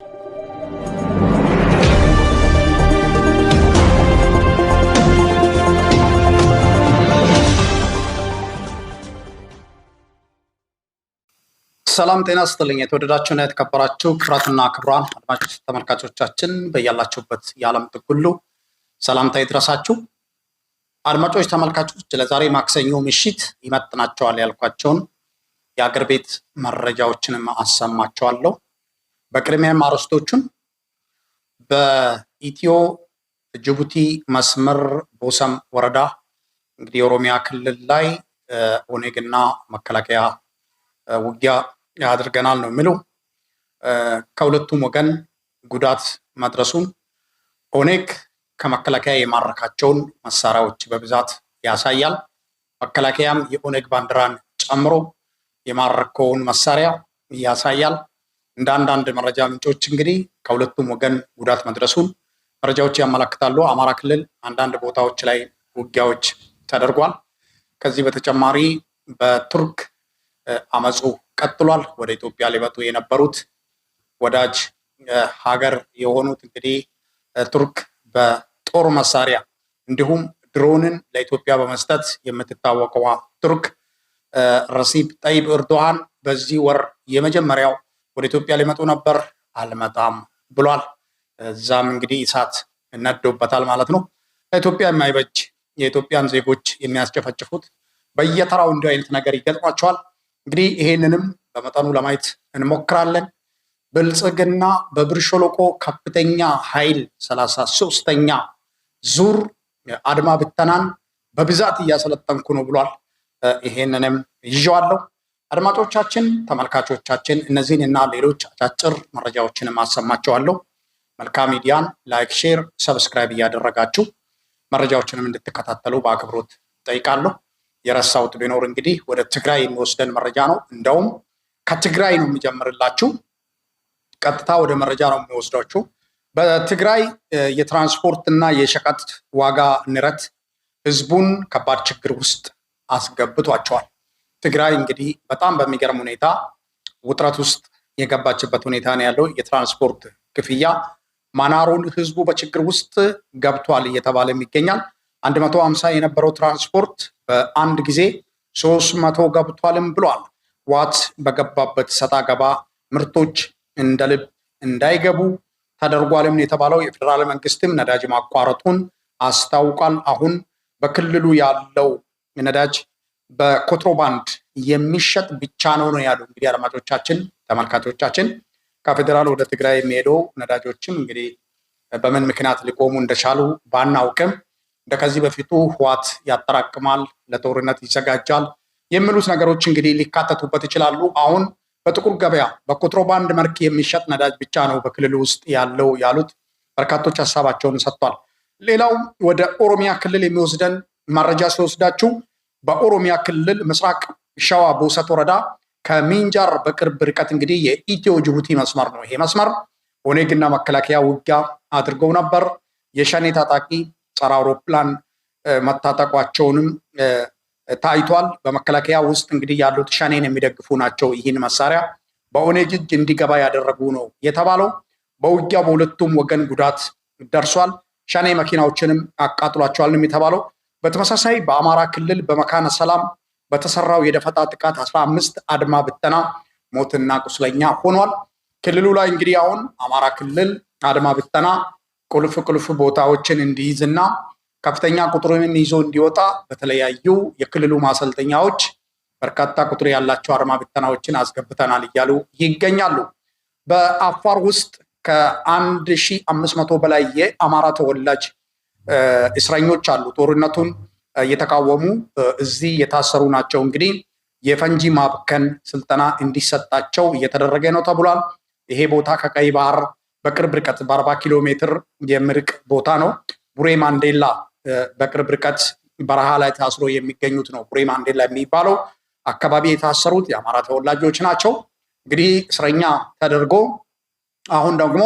ሰላም ጤና ስጥልኝ። የተወደዳችሁና የተከበራችሁ ክቡራትና ክቡራን አድማጮች ተመልካቾቻችን በያላችሁበት የዓለም ጥግ ሁሉ ሰላምታ ይድረሳችሁ። አድማጮች ተመልካቾች፣ ለዛሬ ማክሰኞ ምሽት ይመጥናቸዋል ያልኳቸውን የአገር ቤት መረጃዎችንም አሰማቸዋለሁ። በቅድሚያም አርዕስቶቹን በኢትዮ ጅቡቲ መስመር ቦሰም ወረዳ እንግዲህ የኦሮሚያ ክልል ላይ ኦኔግና መከላከያ ውጊያ አድርገናል ነው የሚለው። ከሁለቱም ወገን ጉዳት መድረሱን ኦኔግ ከመከላከያ የማረካቸውን መሳሪያዎች በብዛት ያሳያል። መከላከያም የኦኔግ ባንዲራን ጨምሮ የማረከውን መሳሪያ ያሳያል። እንደ አንዳንድ መረጃ ምንጮች እንግዲህ ከሁለቱም ወገን ጉዳት መድረሱን መረጃዎች ያመላክታሉ። አማራ ክልል አንዳንድ ቦታዎች ላይ ውጊያዎች ተደርጓል። ከዚህ በተጨማሪ በቱርክ አመፁ ቀጥሏል። ወደ ኢትዮጵያ ሊመጡ የነበሩት ወዳጅ ሀገር የሆኑት እንግዲህ ቱርክ በጦር መሳሪያ እንዲሁም ድሮንን ለኢትዮጵያ በመስጠት የምትታወቀዋ ቱርክ ረሲፕ ጠይብ ኤርዶሃን በዚህ ወር የመጀመሪያው ወደ ኢትዮጵያ ሊመጡ ነበር አልመጣም ብሏል። እዛም እንግዲህ እሳት እነዶበታል ማለት ነው። ለኢትዮጵያ የማይበጅ የኢትዮጵያን ዜጎች የሚያስጨፈጭፉት በየተራው እንዲህ አይነት ነገር ይገጥሟቸዋል እንግዲህ ይሄንንም በመጠኑ ለማየት እንሞክራለን። ብልጽግና በብር ሸለቆ ከፍተኛ ኃይል ሰላሳ ሶስተኛ ዙር አድማ ብተናን በብዛት እያሰለጠንኩ ነው ብሏል። ይሄንንም ይዤዋለሁ። አድማጮቻችን፣ ተመልካቾቻችን እነዚህን እና ሌሎች አጫጭር መረጃዎችን አሰማችኋለሁ። መልካም ሚዲያን ላይክ፣ ሼር፣ ሰብስክራይብ እያደረጋችሁ መረጃዎችንም እንድትከታተሉ በአክብሮት ጠይቃለሁ። የረሳሁት ቢኖር እንግዲህ ወደ ትግራይ የሚወስደን መረጃ ነው። እንደውም ከትግራይ ነው የሚጀምርላችሁ። ቀጥታ ወደ መረጃ ነው የሚወስዳችሁ። በትግራይ የትራንስፖርት እና የሸቀጥ ዋጋ ንረት ህዝቡን ከባድ ችግር ውስጥ አስገብቷቸዋል። ትግራይ እንግዲህ በጣም በሚገርም ሁኔታ ውጥረት ውስጥ የገባችበት ሁኔታ ነው ያለው። የትራንስፖርት ክፍያ ማናሩን ህዝቡ በችግር ውስጥ ገብቷል እየተባለ ይገኛል። 150 የነበረው ትራንስፖርት በአንድ ጊዜ 3መቶ ገብቷልም ብሏል። ዋት በገባበት ሰጣ ገባ ምርቶች እንደ ልብ እንዳይገቡ ተደርጓልም የተባለው የፌዴራል መንግስትም ነዳጅ ማቋረጡን አስታውቋል። አሁን በክልሉ ያለው ነዳጅ በኮንትሮባንድ የሚሸጥ ብቻ ነው ነው ያሉ። እንግዲህ አድማጮቻችን፣ ተመልካቾቻችን ከፌዴራል ወደ ትግራይ የሚሄደው ነዳጆችም እንግዲህ በምን ምክንያት ሊቆሙ እንደቻሉ ባናውቅም ከዚህ በፊቱ ህዋት ያጠራቅማል፣ ለጦርነት ይዘጋጃል የሚሉት ነገሮች እንግዲህ ሊካተቱበት ይችላሉ። አሁን በጥቁር ገበያ በኮንትሮባንድ መልክ የሚሸጥ ነዳጅ ብቻ ነው በክልሉ ውስጥ ያለው ያሉት በርካቶች ሀሳባቸውን ሰጥቷል። ሌላው ወደ ኦሮሚያ ክልል የሚወስደን መረጃ ሲወስዳችሁ በኦሮሚያ ክልል ምስራቅ ሸዋ ቦሰት ወረዳ ከሚንጃር በቅርብ ርቀት እንግዲህ የኢትዮ ጅቡቲ መስመር ነው። ይሄ መስመር ኦኔግና መከላከያ ውጊያ አድርገው ነበር። የሸኔ ታጣቂ ጸረ አውሮፕላን መታጠቋቸውንም ታይቷል። በመከላከያ ውስጥ እንግዲህ ያሉት ሸኔን የሚደግፉ ናቸው። ይህን መሳሪያ በኦኔግ እጅ እንዲገባ ያደረጉ ነው የተባለው። በውጊያ በሁለቱም ወገን ጉዳት ደርሷል። ሸኔ መኪናዎችንም አቃጥሏቸዋልም የተባለው በተመሳሳይ በአማራ ክልል በመካነ ሰላም በተሰራው የደፈጣ ጥቃት አስራ አምስት አድማ ብተና ሞትና ቁስለኛ ሆኗል። ክልሉ ላይ እንግዲህ አሁን አማራ ክልል አድማ ብተና ቁልፍ ቁልፍ ቦታዎችን እንዲይዝና ከፍተኛ ቁጥርን ይዞ እንዲወጣ በተለያዩ የክልሉ ማሰልጠኛዎች በርካታ ቁጥር ያላቸው አድማ ብተናዎችን አስገብተናል እያሉ ይገኛሉ። በአፋር ውስጥ ከአንድ ሺህ አምስት መቶ በላይ የአማራ ተወላጅ እስረኞች አሉ። ጦርነቱን እየተቃወሙ እዚህ የታሰሩ ናቸው። እንግዲህ የፈንጂ ማብከን ስልጠና እንዲሰጣቸው እየተደረገ ነው ተብሏል። ይሄ ቦታ ከቀይ ባህር በቅርብ ርቀት በአርባ ኪሎ ሜትር የምርቅ ቦታ ነው። ቡሬ ማንዴላ በቅርብ ርቀት በረሃ ላይ ታስሮ የሚገኙት ነው። ቡሬ ማንዴላ የሚባለው አካባቢ የታሰሩት የአማራ ተወላጆች ናቸው። እንግዲህ እስረኛ ተደርጎ አሁን ደግሞ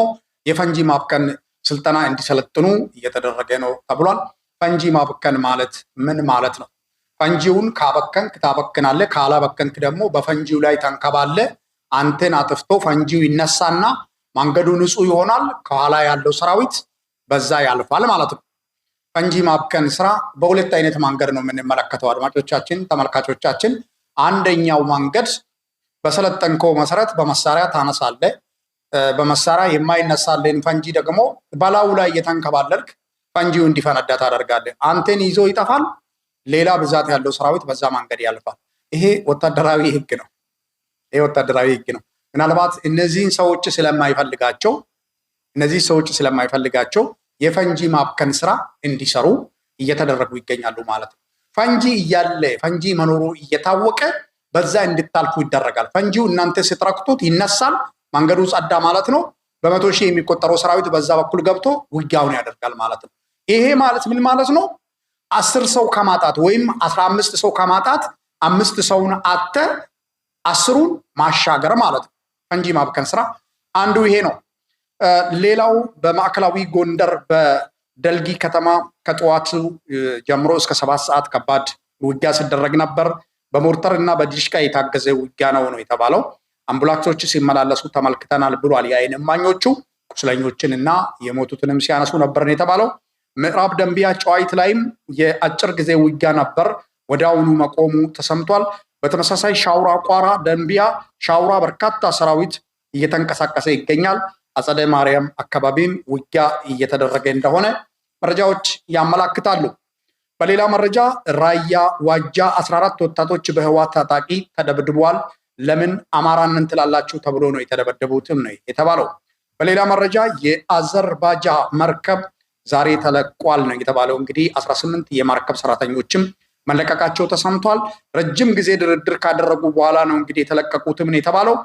የፈንጂ ማብከን ስልጠና እንዲሰለጥኑ እየተደረገ ነው ተብሏል። ፈንጂ ማበከን ማለት ምን ማለት ነው? ፈንጂውን ካበከንክ ታበክናለ፣ ካላበከንክ ደግሞ በፈንጂው ላይ ተንከባለ። አንተን አጥፍቶ ፈንጂው ይነሳና መንገዱ ንጹህ ይሆናል። ከኋላ ያለው ሰራዊት በዛ ያልፋል ማለት ነው። ፈንጂ ማብከን ስራ በሁለት አይነት መንገድ ነው የምንመለከተው አድማጮቻችን፣ ተመልካቾቻችን። አንደኛው መንገድ በሰለጠንከው መሰረት በመሳሪያ ታነሳለ በመሳሪያ የማይነሳልን ፈንጂ ደግሞ በላዩ ላይ እየተንከባለልክ ፈንጂው እንዲፈነዳ ታደርጋለህ። አንተን ይዞ ይጠፋል፣ ሌላ ብዛት ያለው ሰራዊት በዛ መንገድ ያልፋል። ይሄ ወታደራዊ ህግ ነው። ይሄ ወታደራዊ ህግ ነው። ምናልባት እነዚህን ሰዎች ስለማይፈልጋቸው እነዚህ ሰዎች ስለማይፈልጋቸው የፈንጂ ማብከን ስራ እንዲሰሩ እየተደረጉ ይገኛሉ ማለት ነው። ፈንጂ እያለ ፈንጂ መኖሩ እየታወቀ በዛ እንድታልፉ ይደረጋል። ፈንጂው እናንተ ስትረክቱት ይነሳል፣ መንገዱ ጸዳ ማለት ነው። በመቶ ሺህ የሚቆጠረው ሰራዊት በዛ በኩል ገብቶ ውጊያውን ያደርጋል ማለት ነው። ይሄ ማለት ምን ማለት ነው? አስር ሰው ከማጣት ወይም አስራ አምስት ሰው ከማጣት አምስት ሰውን አተ አስሩን ማሻገር ማለት ነው። ፈንጂ ማብከን ስራ አንዱ ይሄ ነው። ሌላው በማዕከላዊ ጎንደር በደልጊ ከተማ ከጠዋቱ ጀምሮ እስከ ሰባት ሰዓት ከባድ ውጊያ ሲደረግ ነበር። በሞርተር እና በዲሽቃ የታገዘ ውጊያ ነው ነው የተባለው። አምቡላንሶች ሲመላለሱ ተመልክተናል ብሏል። የአይን እማኞቹ ቁስለኞችን እና የሞቱትንም ሲያነሱ ነበርን የተባለው ምዕራብ ደንቢያ ጨዋይት ላይም የአጭር ጊዜ ውጊያ ነበር፣ ወዲያውኑ መቆሙ ተሰምቷል። በተመሳሳይ ሻውራ ቋራ ደንቢያ ሻውራ በርካታ ሰራዊት እየተንቀሳቀሰ ይገኛል። አጸደ ማርያም አካባቢም ውጊያ እየተደረገ እንደሆነ መረጃዎች ያመላክታሉ። በሌላ መረጃ ራያ ዋጃ 14 ወጣቶች በህዋት ታጣቂ ተደብድበዋል። ለምን አማራን እንትላላችሁ ተብሎ ነው የተደበደቡትም ነው የተባለው። በሌላ መረጃ የአዘርባጃ መርከብ ዛሬ ተለቋል ነው የተባለው። እንግዲህ 18 የመርከብ ሰራተኞችም መለቀቃቸው ተሰምቷል። ረጅም ጊዜ ድርድር ካደረጉ በኋላ ነው እንግዲህ የተለቀቁትም ነው የተባለው።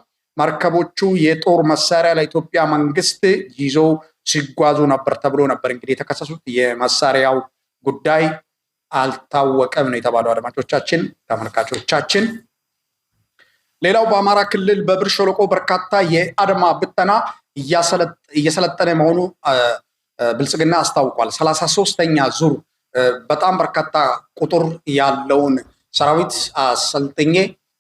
መርከቦቹ የጦር መሳሪያ ለኢትዮጵያ መንግስት ይዞ ሲጓዙ ነበር ተብሎ ነበር እንግዲህ የተከሰሱት። የመሳሪያው ጉዳይ አልታወቀም ነው የተባለው። አድማጮቻችን፣ ተመልካቾቻችን ሌላው በአማራ ክልል በብር ሸለቆ በርካታ የአድማ ብተና እየሰለጠነ መሆኑ ብልጽግና አስታውቋል። ሰላሳ ሶስተኛ ዙር በጣም በርካታ ቁጥር ያለውን ሰራዊት አሰልጥኜ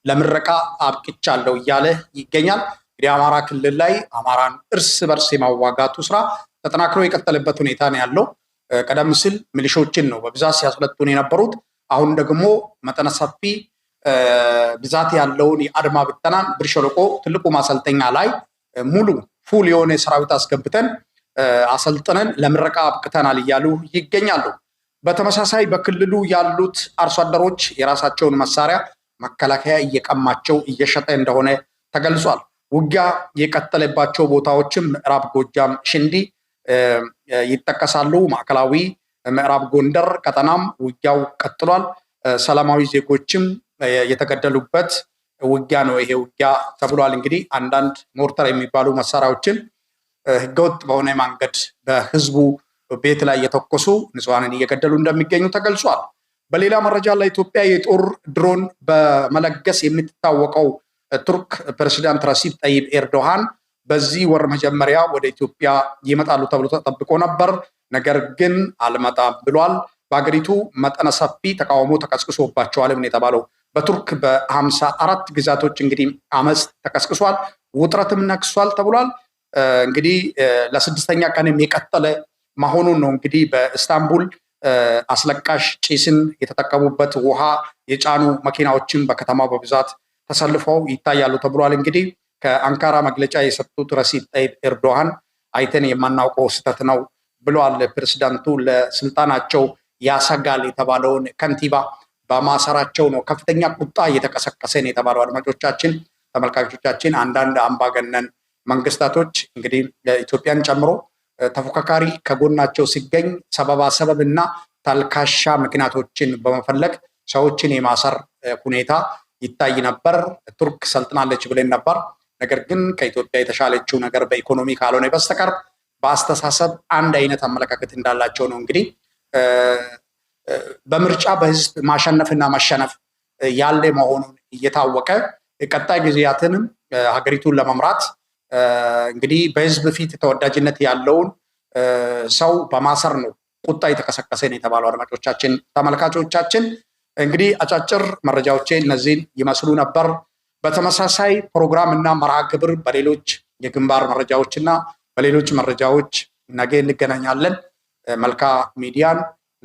ለምረቃ አብቅቻለሁ እያለ ይገኛል። እንግዲህ አማራ ክልል ላይ አማራን እርስ በርስ የማዋጋቱ ስራ ተጠናክሮ የቀጠለበት ሁኔታ ነው ያለው። ቀደም ሲል ሚሊሾችን ነው በብዛት ሲያስለጡን የነበሩት። አሁን ደግሞ መጠነ ሰፊ ብዛት ያለውን የአድማ ብተና ብር ሸለቆ ትልቁ ማሰልጠኛ ላይ ሙሉ ፉል የሆነ ሰራዊት አስገብተን አሰልጥነን ለምረቃ አብቅተናል እያሉ ይገኛሉ። በተመሳሳይ በክልሉ ያሉት አርሶ አደሮች የራሳቸውን መሳሪያ መከላከያ እየቀማቸው እየሸጠ እንደሆነ ተገልጿል። ውጊያ የቀጠለባቸው ቦታዎችም ምዕራብ ጎጃም ሽንዲ ይጠቀሳሉ። ማዕከላዊ ምዕራብ ጎንደር ቀጠናም ውጊያው ቀጥሏል። ሰላማዊ ዜጎችም የተገደሉበት ውጊያ ነው ይሄ ውጊያ ተብሏል። እንግዲህ አንዳንድ ሞርተር የሚባሉ መሳሪያዎችን ህገወጥ በሆነ መንገድ በህዝቡ ቤት ላይ የተኮሱ ንጹሐንን እየገደሉ እንደሚገኙ ተገልጿል። በሌላ መረጃ ላይ ኢትዮጵያ የጦር ድሮን በመለገስ የምትታወቀው ቱርክ ፕሬዚዳንት ረሲብ ጠይብ ኤርዶሃን በዚህ ወር መጀመሪያ ወደ ኢትዮጵያ ይመጣሉ ተብሎ ተጠብቆ ነበር። ነገር ግን አልመጣም ብሏል። በሀገሪቱ መጠነ ሰፊ ተቃውሞ ተቀስቅሶባቸዋል የተባለው። በቱርክ በሀምሳ አራት ግዛቶች እንግዲህ አመፅ ተቀስቅሷል፣ ውጥረትም ነግሷል ተብሏል። እንግዲህ ለስድስተኛ ቀንም የቀጠለ መሆኑን ነው። እንግዲህ በኢስታንቡል አስለቃሽ ጭስን የተጠቀሙበት ውሃ የጫኑ መኪናዎችን በከተማው በብዛት ተሰልፈው ይታያሉ ተብሏል። እንግዲህ ከአንካራ መግለጫ የሰጡት ረሲብ ጠይብ ኤርዶሃን አይተን የማናውቀው ስህተት ነው ብለዋል። ፕሬዚዳንቱ ለስልጣናቸው ያሰጋል የተባለውን ከንቲባ በማሰራቸው ነው ከፍተኛ ቁጣ እየተቀሰቀሰን የተባለው። አድማጮቻችን፣ ተመልካቾቻችን አንዳንድ አምባገነን መንግስታቶች እንግዲህ ኢትዮጵያን ጨምሮ ተፎካካሪ ከጎናቸው ሲገኝ ሰበባ ሰበብ እና ታልካሻ ምክንያቶችን በመፈለግ ሰዎችን የማሰር ሁኔታ ይታይ ነበር። ቱርክ ሰልጥናለች ብለን ነበር። ነገር ግን ከኢትዮጵያ የተሻለችው ነገር በኢኮኖሚ ካልሆነ በስተቀር በአስተሳሰብ አንድ አይነት አመለካከት እንዳላቸው ነው እንግዲህ በምርጫ በህዝብ ማሸነፍና መሸነፍ ያለ መሆኑን እየታወቀ ቀጣይ ጊዜያትንም ሀገሪቱን ለመምራት እንግዲህ በህዝብ ፊት ተወዳጅነት ያለውን ሰው በማሰር ነው ቁጣ ነው የተባለው። አድማጮቻችን፣ ተመልካቾቻችን እንግዲህ አጫጭር መረጃዎቼ እነዚህን ይመስሉ ነበር። በተመሳሳይ ፕሮግራም እና መርሃ ግብር በሌሎች የግንባር መረጃዎች እና በሌሎች መረጃዎች ነገ እንገናኛለን። መልካ ሚዲያን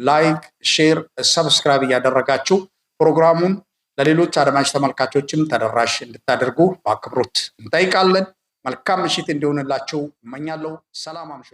ላይክ፣ ሼር፣ ሰብስክራይብ እያደረጋችሁ ፕሮግራሙን ለሌሎች አድማጭ ተመልካቾችም ተደራሽ እንድታደርጉ በአክብሮት እንጠይቃለን። መልካም ምሽት እንዲሆንላችሁ እመኛለሁ። ሰላም አምሹ።